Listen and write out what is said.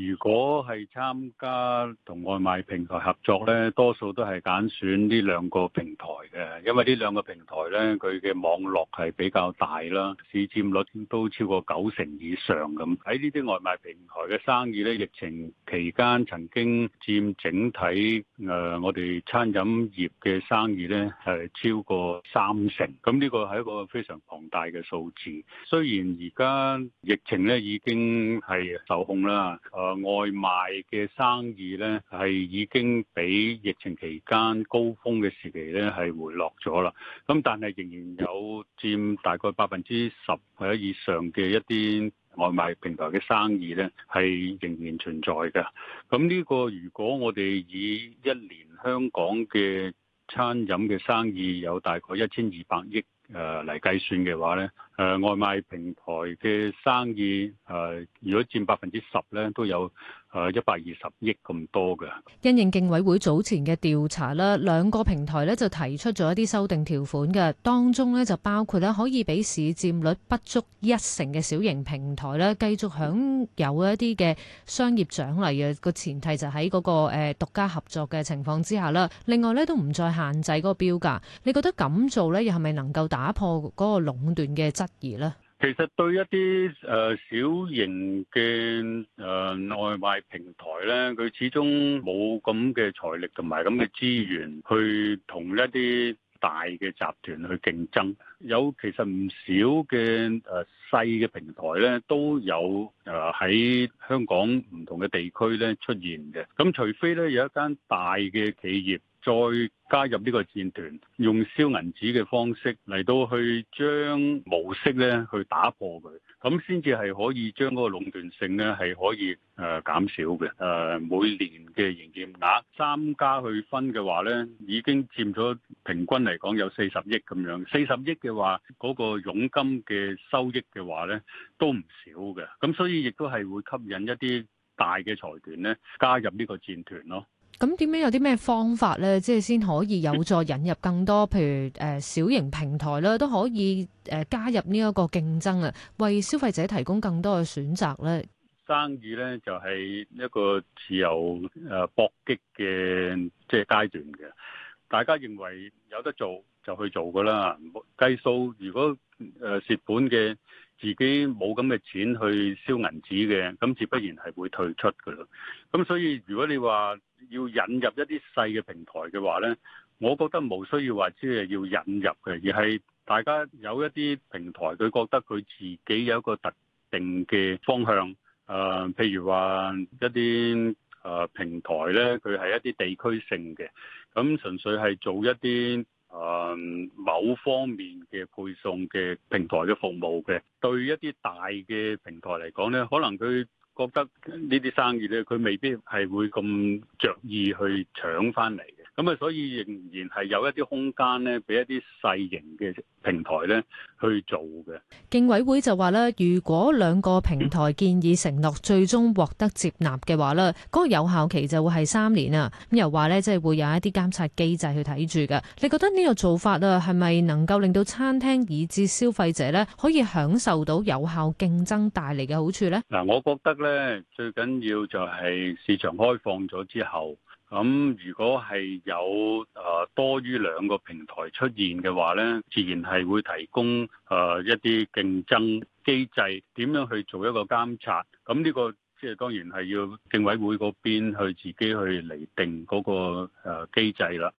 如果係參加同外賣平台合作呢，多數都係揀選呢兩個平台嘅。因為呢兩個平台呢，佢嘅網絡係比較大啦，市佔率都超過九成以上咁。喺呢啲外賣平台嘅生意呢，疫情期間曾經佔整體誒、呃、我哋餐飲業嘅生意呢係、呃、超過三成，咁呢個係一個非常龐大嘅數字。雖然而家疫情呢已經係受控啦，呃外賣嘅生意呢，係已經比疫情期間高峰嘅時期呢，係回落咗啦。咁但係仍然有佔大概百分之十或者以上嘅一啲外賣平台嘅生意呢，係仍然存在嘅。咁呢個如果我哋以一年香港嘅餐飲嘅生意有大概一千二百億。誒嚟計算嘅話咧，誒、呃、外賣平台嘅生意誒、呃，如果佔百分之十咧，都有。誒一百二十億咁多㗎，因應競委會早前嘅調查啦，兩個平台咧就提出咗一啲修訂條款嘅，當中咧就包括咧可以俾市佔率不足一成嘅小型平台咧繼續享有一啲嘅商業獎勵嘅個前提就喺嗰個誒獨家合作嘅情況之下啦。另外咧都唔再限制嗰個標價。你覺得咁做咧又係咪能夠打破嗰個壟斷嘅質疑呢？其實對一啲誒小型嘅誒外賣平台咧，佢始終冇咁嘅財力同埋咁嘅資源去同一啲大嘅集團去競爭。有其實唔少嘅誒細嘅平台咧，都有誒喺香港唔同嘅地區咧出現嘅。咁除非咧有一間大嘅企業再加入呢個戰團，用燒銀紙嘅方式嚟到去將模式咧去打破佢，咁先至係可以將嗰個壟斷性咧係可以誒、呃、減少嘅。誒、呃、每年嘅營業額三家去分嘅話咧，已經佔咗平均嚟講有四十億咁樣，四十億嘅。即係話嗰個佣金嘅收益嘅話咧，都唔少嘅，咁所以亦都係會吸引一啲大嘅財團咧加入呢個戰團咯。咁點樣有啲咩方法咧，即係先可以有助引入更多，譬如誒小型平台啦，都可以誒加入呢一個競爭啊，為消費者提供更多嘅選擇咧。生意咧就係一個自由誒搏擊嘅即係階段嘅。大家認為有得做就去做噶啦，計數如果誒蝕、呃、本嘅，自己冇咁嘅錢去燒銀紙嘅，咁自不然係會退出噶啦。咁所以如果你話要引入一啲細嘅平台嘅話呢，我覺得冇需要話即係要引入嘅，而係大家有一啲平台佢覺得佢自己有一個特定嘅方向，誒、呃、譬如話一啲，誒，uh, 平台咧，佢係一啲地區性嘅，咁純粹係做一啲誒、uh, 某方面嘅配送嘅平台嘅服務嘅，對一啲大嘅平台嚟講咧，可能佢覺得呢啲生意咧，佢未必係會咁着意去搶返嚟。咁啊，所以仍然係有一啲空間咧，俾一啲細型嘅平台咧去做嘅。競委會就話咧，如果兩個平台建議承諾最終獲得接納嘅話咧，嗰個有效期就會係三年啊。咁又話咧，即係會有一啲監察機制去睇住嘅。你覺得呢個做法啊，係咪能夠令到餐廳以至消費者咧，可以享受到有效競爭帶嚟嘅好處咧？嗱，我覺得咧，最緊要就係市場開放咗之後。咁、嗯、如果係有誒、呃、多於兩個平台出現嘅話呢，自然係會提供誒、呃、一啲競爭機制，點樣去做一個監察？咁、嗯、呢、呢個即係當然係要競委會嗰邊去自己去嚟定嗰個誒機制啦。